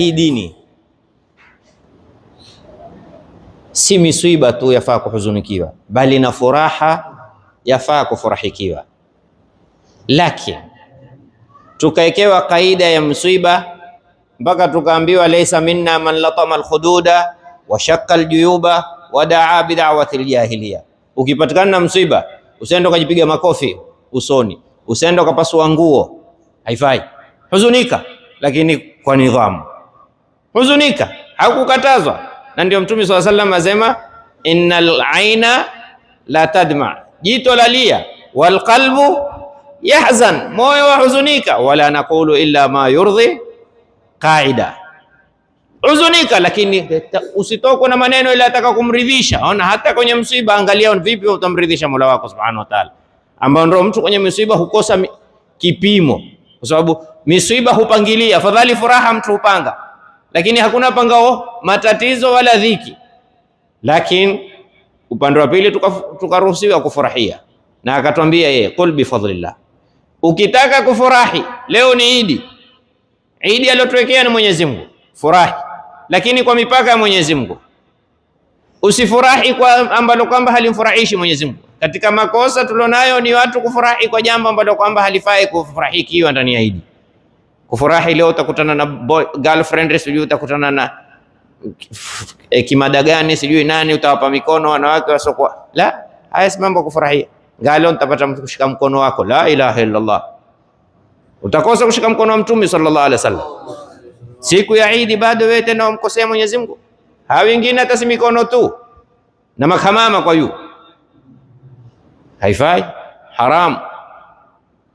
hii dini si miswiba tu yafaa kuhuzunikiwa, bali na furaha yafaa kufurahikiwa. Lakini tukaekewa kaida ya mswiba mpaka tukaambiwa, laisa minna man latama alkhududa wa shakka aljuyuba wa daa bidawati aljahiliya. Ukipatikana na mswiba usende ukajipiga makofi usoni, usiende ukapasua nguo, haifai. Huzunika, lakini kwa nidhamu huzunika, hakukatazwa. Na ndio Mtume swalla sallam asema innal aina la tadma, jito lalia, wal qalbu yahzan, moyo huzunika. wala naqulu illa ma yurdhi qaida huzunika lakini usitokwe na maneno ile ataka kumridhisha. Ona, hata kwenye msiba angalia vipi utamridhisha Mola wako Subhanahu wa Ta'ala, ambao ndio mtu kwenye msiba hukosa kipimo, kwa sababu misiba hupangilia. Afadhali furaha mtu hupanga lakini hakuna pangao matatizo wala dhiki. Lakini upande wa pili tukaruhusiwa tuka kufurahia, na akatwambia yeye, qul bi fadlillah, ukitaka kufurahi leo ni Idi. Idi aliyotuwekea ni Mwenyezi Mungu, furahi lakini kwa mipaka ya Mwenyezi Mungu. Usifurahi kwa ambalo kwamba halimfurahishi Mwenyezi Mungu. Katika makosa tulionayo ni watu kufurahi kwa jambo ambalo kwamba halifai kufurahikiwa ndani ya Idi. Kufurahi leo utakutana na boy, girlfriend sijui utakutana na e, kimada gani sijui nani, utawapa mikono wanawake wasokuwa la haya, si mambo kufurahia. Leo nitapata mtu kushika mkono wako, la ilaha illa Allah. Utakosa kushika mkono wa Mtume sallallahu alaihi wasallam siku ya Idi, bado wewe tena umkosea Mwenyezi Mungu. Hawa wengine hata si mikono tu na makamama kwa yu, haifai, haram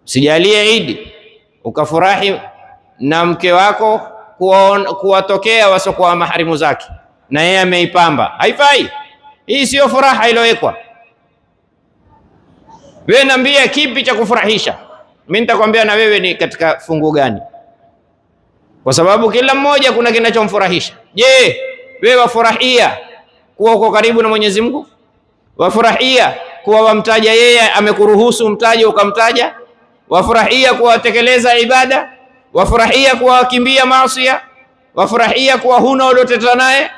Sijalie Idi ukafurahi na mke wako kuwatokea wasokuwa maharimu zake, na yeye ameipamba, haifai. Hii siyo furaha iliyowekwa. Wewe niambia kipi cha kufurahisha, mimi nitakwambia na wewe ni katika fungu gani, kwa sababu kila mmoja kuna kinachomfurahisha. Je, wewe wafurahia kuwa uko karibu na Mwenyezi Mungu? Wafurahia kuwa wamtaja yeye, amekuruhusu mtaje ukamtaja? Wafurahia kuwatekeleza ibada wafurahia kuwa wakimbia maasiya, wafurahia kuwa huna uliotetana naye,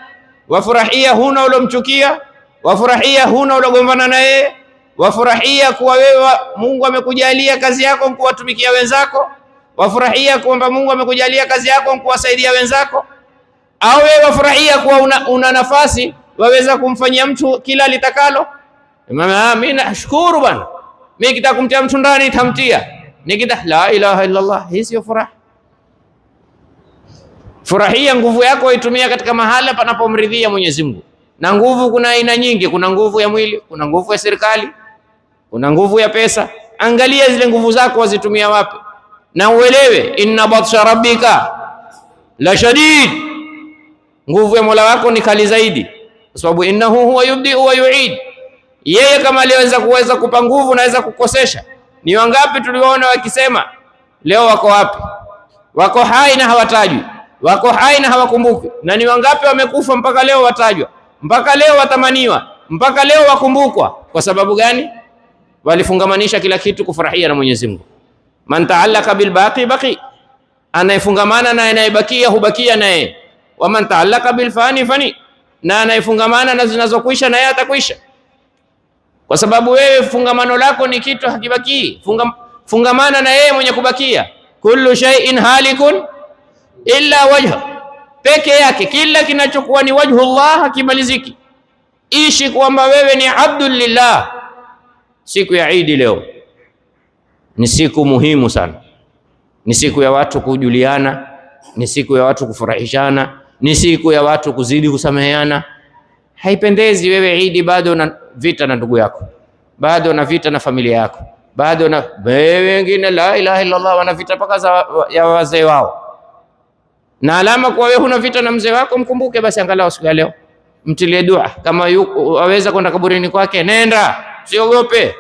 wafurahia huna uliomchukia, wafurahia huna uliogombana naye, wafurahia kuwa wewe Mungu amekujalia kazi yako nkuwatumikia wenzako, wafurahia kwamba Mungu amekujalia kazi yako nkuwasaidia wenzako, au wewe wafurahia kuwa una, una nafasi waweza kumfanyia mtu kila litakalo. Mimi nashukuru bwana, mimi kitakumtia mtu ndani tamtia, nikita la ilaha illa Allah, hii sio furaha Furahia nguvu yako, waitumia katika mahala panapomridhia Mwenyezi Mungu. Na nguvu kuna aina nyingi, kuna nguvu ya mwili, kuna nguvu ya serikali, kuna nguvu ya pesa. Angalia zile nguvu zako wazitumia wapi, na uelewe inna batsha rabbika la shadid, nguvu ya Mola wako ni kali zaidi, kwa sababu innahu huwa yubdiu wa yuid. Yeye kama aliweza kuweza kupa nguvu, naweza kukosesha. Ni wangapi tuliwaona wakisema leo wako wapi? Wako hai na hawatajwi wako hai na hawakumbuki. Na ni wangapi wamekufa mpaka leo watajwa, mpaka leo watamaniwa, mpaka leo wakumbukwa? Kwa sababu gani? Walifungamanisha kila kitu kufurahia na Mwenyezi Mungu. Man taallaka bil baqi, baqi, anayefungamana na anayebakia hubakia naye. Wa man taallaka bil fani, fani, na anayefungamana na zinazokwisha naye atakwisha. Kwa sababu wewe fungamano lako ni kitu hakibakii. Fungam, fungamana na yeye mwenye kubakia. Kullu shay'in halikun illa wajha, peke yake. Kila kinachokuwa ni wajhu Allah hakimaliziki. Ishi kwamba wewe ni abdu lillah. Siku ya Idi leo ni siku muhimu sana, ni siku ya watu kujuliana, ni siku ya watu kufurahishana, ni siku ya watu kuzidi kusameheana. Haipendezi wewe Idi bado na vita na ndugu yako, bado na vita na familia yako, bado na wengine, la ilaha illallah, wanavita mpaka ya wazee wao na alama kwa wewe huna vita na mzee wako, mkumbuke basi angalau siku ya leo, mtilie dua. Kama yuko aweza kwenda kaburini kwake, nenda, siogope.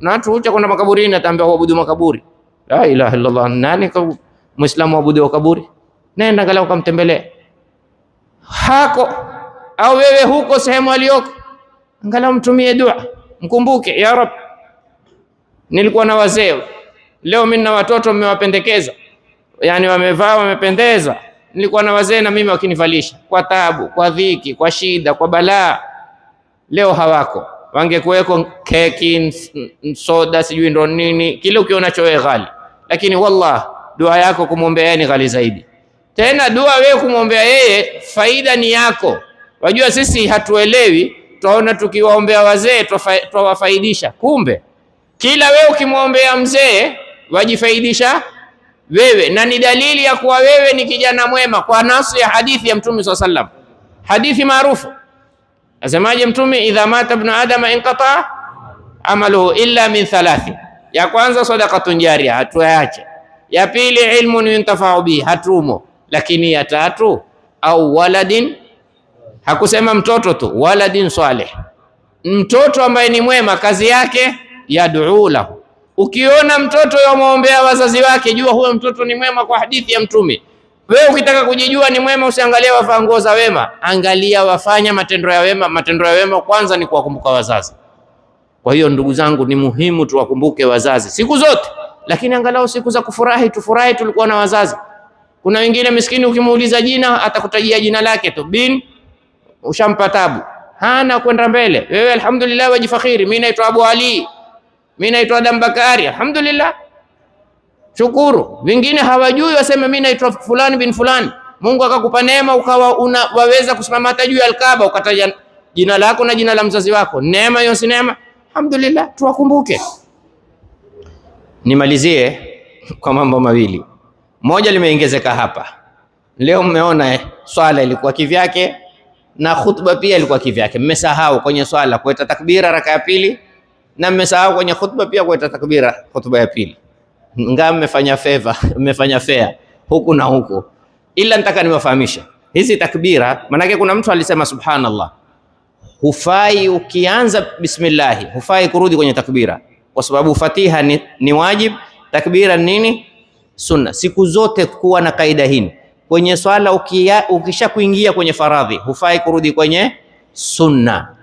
Na watu huja kwenda makaburini, ataambia waabudu makaburi. La ilaha illa Allah, nani kwa muislamu waabudu kaburi? Nenda angalau kamtembelee hako, au wewe huko sehemu aliyoko, angalau mtumie dua, mkumbuke ya Rab, nilikuwa na wazee leo, mimi na watoto mmewapendekeza, yani wamevaa wamependeza nilikuwa na wazee na mimi wakinivalisha kwa tabu, kwa dhiki, kwa shida, kwa balaa. Leo hawako, wangekuweko keki, soda, sijui ndo nini, kile ukiona chowe ghali. Lakini wallah, dua yako kumwombea yeye ni ghali zaidi. Tena dua wewe kumwombea yeye, faida ni yako. Wajua sisi hatuelewi, twaona tukiwaombea wazee twawafaidisha, kumbe kila wewe ukimwombea mzee wajifaidisha wewe, na ni dalili ya kuwa wewe ni kijana mwema kwa nasu ya hadithi ya Mtume swalla sallam, hadithi maarufu Asemaje Mtume, idha mata ibn adama inqata amaluhu illa min thalathi. Ya kwanza sadaqatun jaria, hatuache. Ya pili ilmun yuntafau bihi, hatumo. Lakini ya tatu au waladin, hakusema mtoto tu, waladin salih, mtoto ambaye ni mwema, kazi yake yaduu lahu Ukiona mtoto yamwombea wazazi wake, jua huyo mtoto ni mwema, kwa hadithi ya Mtume. Wewe ukitaka kujijua ni mwema, usiangalie wavaa nguo za wema, angalia wafanya matendo ya wema. Matendo ya wema kwanza ni kuwakumbuka wazazi. Kwa hiyo ndugu zangu, ni muhimu tuwakumbuke wazazi siku zote, lakini angalau siku za kufurahi tufurahi, tulikuwa na wazazi. Kuna wengine miskini, ukimuuliza jina atakutajia jina lake tu, bin ushampa tabu, hana kwenda mbele. Wewe alhamdulillah, wajifakhiri, mimi naitwa Abu Ali mimi naitwa Adam Bakari, alhamdulillah, shukuru. Wengine hawajui waseme mimi naitwa fulani bin fulani. Mungu akakupa neema ukawa una, waweza kusimama hata juu ya Alkaba ukataja jina lako na jina la mzazi wako, neema hiyo si neema? Alhamdulillah, tuwakumbuke. Nimalizie kwa mambo mawili, moja limeongezeka hapa leo. Mmeona eh, swala ilikuwa kivyake na khutba pia ilikuwa kivyake. Mmesahau kwenye swala kuweta takbira raka ya pili na mmesahau kwenye khutba pia kuita takbira khutba ya pili, ingawa mmefanya feva, mmefanya fea huku na huku, ila nataka niwafahamisha hizi takbira, manake kuna mtu alisema subhanallah. Hufai ukianza bismillah, hufai kurudi kwenye takbira, kwa sababu fatiha ni, ni wajib, takbira nini? Sunna. Siku zote kuwa na kaida hii kwenye swala, ukisha kuingia kwenye faradhi hufai kurudi kwenye sunna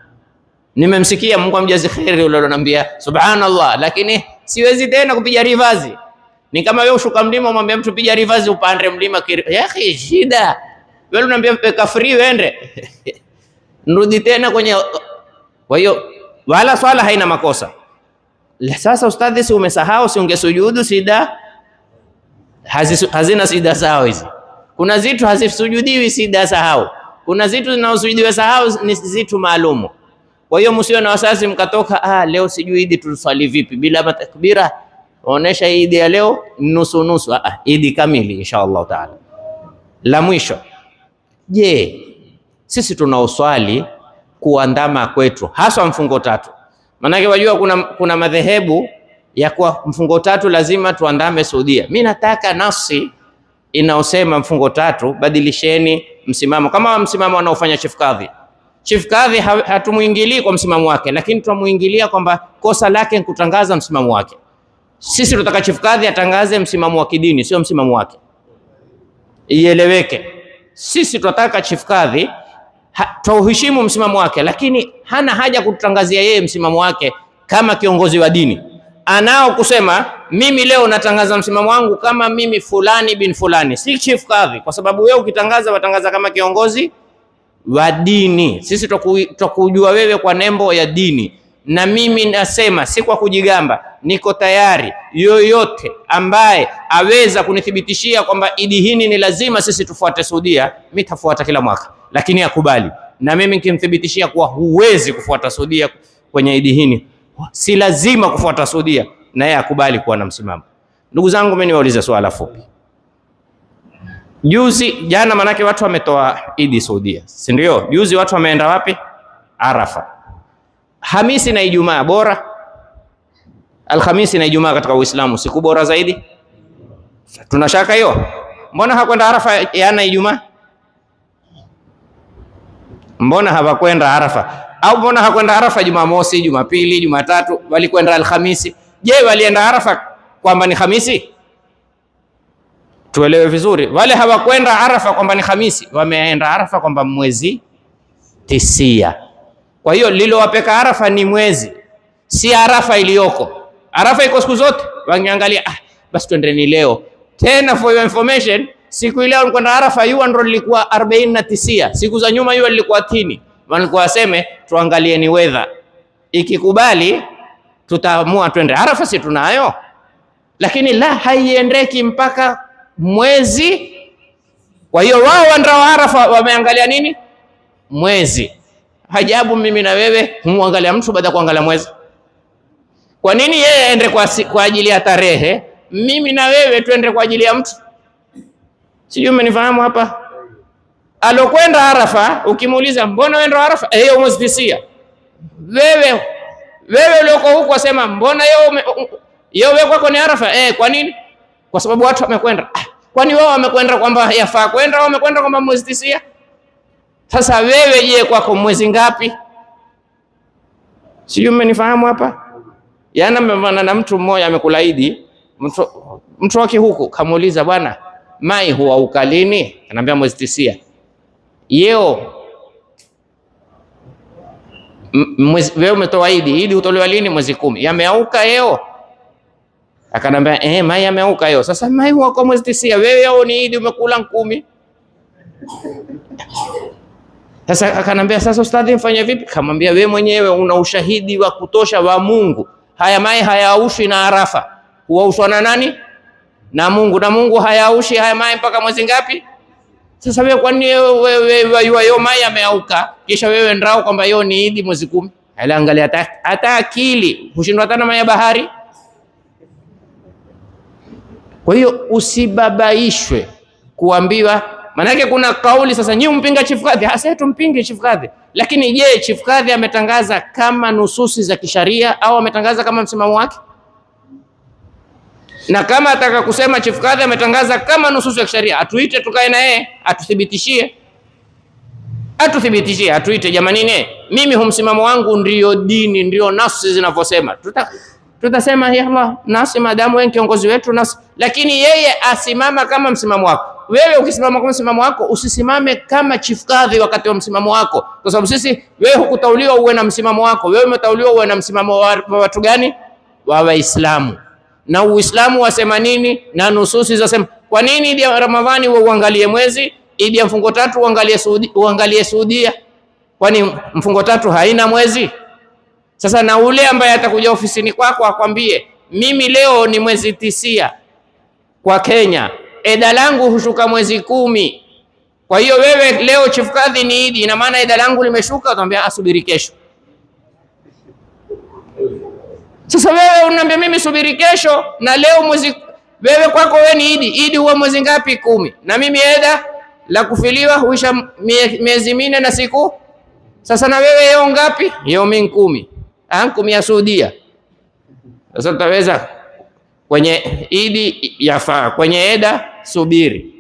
Nimemsikia Mungu amjazi yule uliloniambia subhanallah, lakini siwezi tena kupiga rivazi. Ni kama wewe ushuka mlima umwambia mtu piga rivazi upande mlima, ya khi shida. Wewe unaniambia mpeka free wende nrudi tena kwenye. Kwa hiyo wala swala haina makosa. Sasa ustadhi, si umesahau, si ungesujudu sida? Hazis, hazina sida sahau hizi. Kuna zitu hazisujudiwi sida sahau, kuna zitu zinazosujudiwa sahau ni zitu maalumu. Kwa hiyo msiwe na wasiwasi mkatoka, ah, leo sijui Idi tuswali vipi bila takbira. Onesha Idi ya leo nusu nusu, ah, ah Idi kamili insha Allah taala. La mwisho, je, sisi tunaoswali kuandama kwetu haswa mfungo tatu, maanake wajua kuna, kuna madhehebu ya kuwa mfungo tatu lazima tuandame Saudia. Mi nataka nafsi inaosema mfungo tatu, badilisheni msimamo kama msimamo anaofanya Chief Kadhi Chief Kadhi hatumuingilii kwa msimamo wake, lakini tunamuingilia kwamba kosa lake kutangaza msimamo wake. Sisi tunataka Chief Kadhi atangaze msimamo wa kidini, sio msimamo wake, ieleweke. Sisi tunataka Chief Kadhi tuheshimu msimamo wake, lakini hana haja kutangazia yeye msimamo wake. Kama kiongozi wa dini anao kusema mimi leo natangaza msimamo wangu kama mimi fulani bin fulani, si Chief Kadhi, kwa sababu wewe ukitangaza watangaza kama kiongozi wa dini. Sisi twakujua wewe kwa nembo ya dini, na mimi nasema si kwa kujigamba, niko tayari yoyote ambaye aweza kunithibitishia kwamba idi hini ni lazima sisi tufuate Saudia, mimi tafuata kila mwaka, lakini akubali na mimi nikimthibitishia kuwa huwezi kufuata Saudia kwenye idi hini, si lazima kufuata Saudia, na yeye akubali kuwa na msimamo. Ndugu zangu, mimi niwaulize swala fupi. Juzi jana, manake watu wametoa Idi Saudia, si ndio? Juzi watu wameenda wapi? Arafa. Hamisi na Ijumaa bora, Alhamisi na Ijumaa katika Uislamu siku bora zaidi, tunashaka hiyo. Mbona hakwenda Arafa yana Ijumaa? Mbona hawakwenda Arafa? Au mbona hakwenda Arafa Jumamosi, Jumapili, Jumatatu, walikwenda Alhamisi? Je, walienda Arafa kwamba ni Hamisi? tuelewe vizuri. Wale hawakwenda Arafa kwamba ni Hamisi, wameenda Arafa kwamba mwezi tisia. Kwa hiyo lilowapeka Arafa ni mwezi, si Arafa iliyoko. Arafa iko siku zote, wangeangalia ah, basi twendeni leo. Tena for your information, siku ile walikwenda Arafa yuan ndo lilikuwa arobaini na tisia, siku za nyuma yuan lilikuwa tini. Walikuwa waseme tuangalie ni weather, ikikubali tutaamua twende Arafa, si tunayo. Lakini la haiendeki mpaka mwezi. Kwa hiyo wao wandao Arafa wameangalia nini? Mwezi. Hajabu mimi na wewe humwangalia mtu baada ya kuangalia mwezi. Kwa nini yeye aende kwa, kwa ajili ya tarehe, mimi na wewe tuende kwa ajili ya mtu? Sijui umenifahamu hapa. Alokwenda Arafa ukimuuliza mbona wendo Arafa, hiyo eh, umezidisia wewe. Wewe ulioko huko wasema mbona yeye yeye kwako ni Arafa? Eh, kwa nini? Kwa sababu watu wamekwenda. Ah, Kwani wao wamekwenda kwamba yafaa kwenda, wao wamekwenda kwamba mwezi tisia. Sasa wewe je, kwako mwezi ngapi? Sijui mmenifahamu hapa? Yaani mmevana na mtu mmoja amekulaidi mtu, mtu wake huku kamuuliza, bwana mai huwa ukalini? Anambia mwezi tisia. Yeo wewe umetoa idi, idi hutolewa lini? Mwezi kumi. Yameauka yeo Akanambia eh, mai ameauka hiyo. Sasa mai huwa kwa mwezi tisia, wewe au ni Idi umekula nkumi. Sasa akanambia sasa, ustadhi, mfanye vipi? Kamwambia wewe mwenyewe una ushahidi wa kutosha wa Mungu, haya mai hayaushwi na Arafa, huaushwa na nani? Na Mungu. Na Mungu hayaushi haya mai mpaka mwezi ngapi? Sasa wewe kwa nini wewe mai ameauka, kisha wewe ndrao kwamba hiyo ni Idi mwezi kumi? Angalia hata akili hushindwa tena mai ya bahari kwa hiyo usibabaishwe kuambiwa, maanake kuna kauli sasa, nyinyi mpinga Chief Kadhi. Hasa tumpinge Chief Kadhi, lakini je, Chief Kadhi ametangaza kama nususi za kisharia au ametangaza kama msimamo wake? Na kama ataka kusema Chief Kadhi ametangaza kama nususi ya kisharia, atuite tukae na yeye atuthibitishie, atuthibitishie, atuite, jamani, ne mimi humsimamo wangu ndio dini, ndio nafsi zinavyosema tutasema yalla, nasi madamu wewe kiongozi wetu nasi, lakini yeye asimama kama msimamo wako. Wewe ukisimama kama msimamo wako, usisimame kama chifukadhi wakati wa msimamo wako, kwa sababu sisi, wewe hukutauliwa uwe na msimamo wako. Wewe umetauliwa uwe na msimamo wa watu gani? Wa Waislamu. Na Uislamu wasema nini? Na nususi zasema. Kwa nini idi ya Ramadhani wewe uangalie mwezi, idi ya mfungo tatu uangalie Saudi, uangalie Saudia? Kwani mfungo tatu haina mwezi? Sasa na ule ambaye atakuja ofisini kwako akwambie, mimi leo ni mwezi tisia kwa Kenya, eda langu hushuka mwezi kumi. Kwa hiyo wewe leo chief kadhi ni Idi, ina maana eda langu limeshuka, utamwambia asubiri ah, kesho. Sasa wewe unaniambia mimi subiri kesho, na leo mwezi wewe kwako wewe ni Idi. Idi huwa mwezi ngapi? Kumi. Na mimi eda la kufiliwa huisha miezi mine na siku. Sasa na wewe yeo ngapi? Yeo min kumi ankum ya Saudia. Sasa utaweza kwenye idi yafaa, kwenye eda subiri.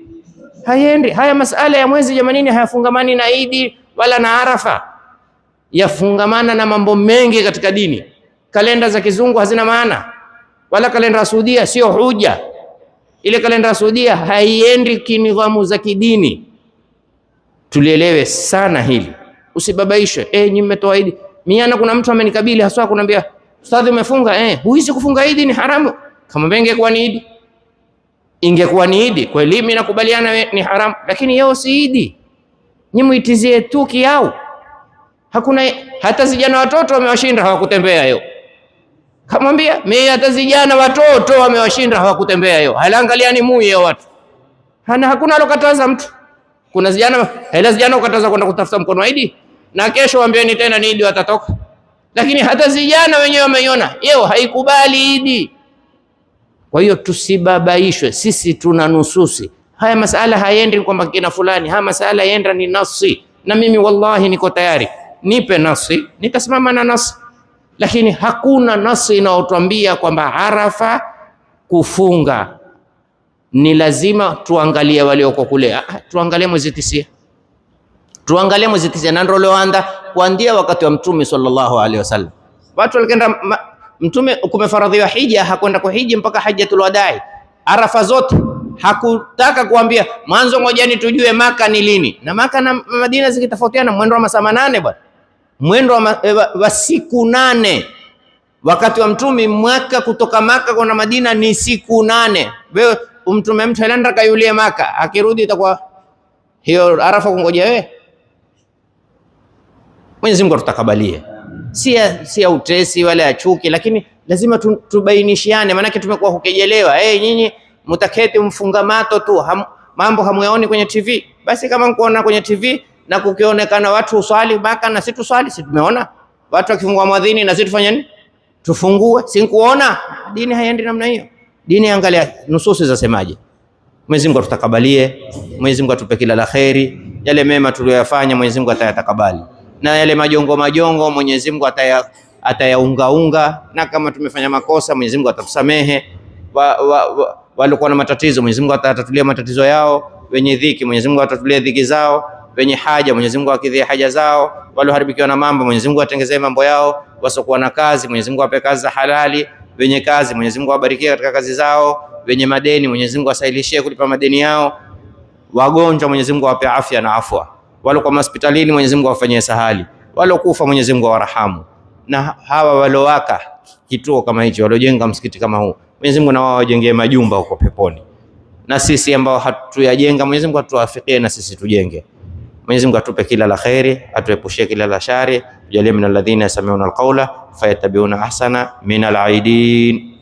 Hayendi haya masala ya mwezi jamanini, hayafungamani na idi wala na Arafa, yafungamana na mambo mengi katika dini. Kalenda za kizungu hazina maana, wala kalenda ya Saudia sio huja. Ile kalenda ya Saudia haiendi kinidhamu za kidini. Tulielewe sana hili, usibabaishwe. Eh, nyinyi mmetoa idi Miana kuna mtu amenikabili haswa kunambia, "Ustadhi umefunga eh, huisi kufunga Idi ni haramu." Kama benge kwa ni Idi. Ingekuwa ni Idi, kwa elimu nakubaliana ni haramu, lakini yao si Idi. Ni muitizie tu kiao. Hakuna hata zijana watoto wamewashinda hawakutembea yao. Kamwambia, "Mimi hata zijana watoto wamewashinda hawakutembea yao." Halaangalia ni mui ya watu. Hana hakuna alokataza mtu. Kuna zijana hela zijana ukataza kwenda kutafuta mkono wa Idi na kesho waambieni tena ni Idi watatoka. Lakini hata zijana wenyewe wameiona yeo haikubali Idi. Kwa hiyo tusibabaishwe, sisi tuna nususi. Haya masala haendi kwamba kina fulani, haya masala yenda ni nasi Na mimi wallahi niko tayari, nipe nasi nitasimama na nasi lakini hakuna nasi inayotwambia kwamba Arafa kufunga ni lazima. Tuangalie walioko kule, ah, tuangalie mwezi tisia Tuangalie mwezi tisa na ndio ulioanza kuandia wakati wa mtume sallallahu alaihi wasallam. Watu walikenda mtume, kumefaradhiwa hija, hakwenda kwa hija mpaka hajjatul wadai, arafa zote hakutaka kuambia mwanzo, ngojani tujue Maka ni lini. Na Maka na Madina zikitofautiana mwendo wa masaa manane bwana, mwendo wa, e, wa, wa siku nane. Wakati wa mtume mwaka kutoka Maka kwenda Madina ni siku nane. Wewe umtume mtu alenda kayulie Maka, akirudi itakuwa hiyo arafa kungoja wewe Mwenyezi Mungu atutakabalie, si si ya utesi wala ya chuki, lakini lazima tubainishiane, maanake tumekuwa kukejelewa. Eh, nyinyi mtaketi mfungamato tu ham, mambo hamuyaoni kwenye TV. Basi kama mkuona kwenye TV na kukionekana watu uswali baka na situ tuswali, si tumeona watu wakifungua mwadhini na sisi tufanye nini? Tufungue, si kuona dini haiendi namna hiyo. Dini angalia nususi zasemaje. Mwenyezi Mungu atutakabalie, Mwenyezi Mungu atupe kila la kheri, yale mema tuliyoyafanya Mwenyezi Mungu atayatakabali na yale majongo majongo Mwenyezi Mungu ataya atayaungaunga, na kama tumefanya makosa Mwenyezi Mungu atatusamehe. wa, wa, wa, walikuwa na matatizo Mwenyezi Mungu atatulia matatizo yao, wenye dhiki Mwenyezi Mungu atatulia dhiki zao, wenye haja Mwenyezi Mungu akidhia haja zao, walioharibikiwa na mambo Mwenyezi Mungu atengezee mambo yao, wasokuwa na kazi Mwenyezi Mungu ape kazi za halali, wenye kazi Mwenyezi Mungu awabarikie katika kazi zao, wenye madeni Mwenyezi Mungu asahilishie kulipa madeni yao, wagonjwa Mwenyezi Mungu awape afya na afwa waliokuwa hospitalini Mwenyezi Mungu awafanyie sahali, waliokufa Mwenyezi Mungu awarahamu, na hawa walowaka kituo kama hicho, waliojenga msikiti kama huu Mwenyezi Mungu na wao wajengee majumba huko peponi, na sisi ambao hatuyajenga Mwenyezi Mungu atuwafikie na sisi tujenge. Mwenyezi Mungu atupe kila la khairi, atuepushie kila la shari, tujalie min alladhina yasamiuna alqaula fayatabiuna ahsana min alaidin.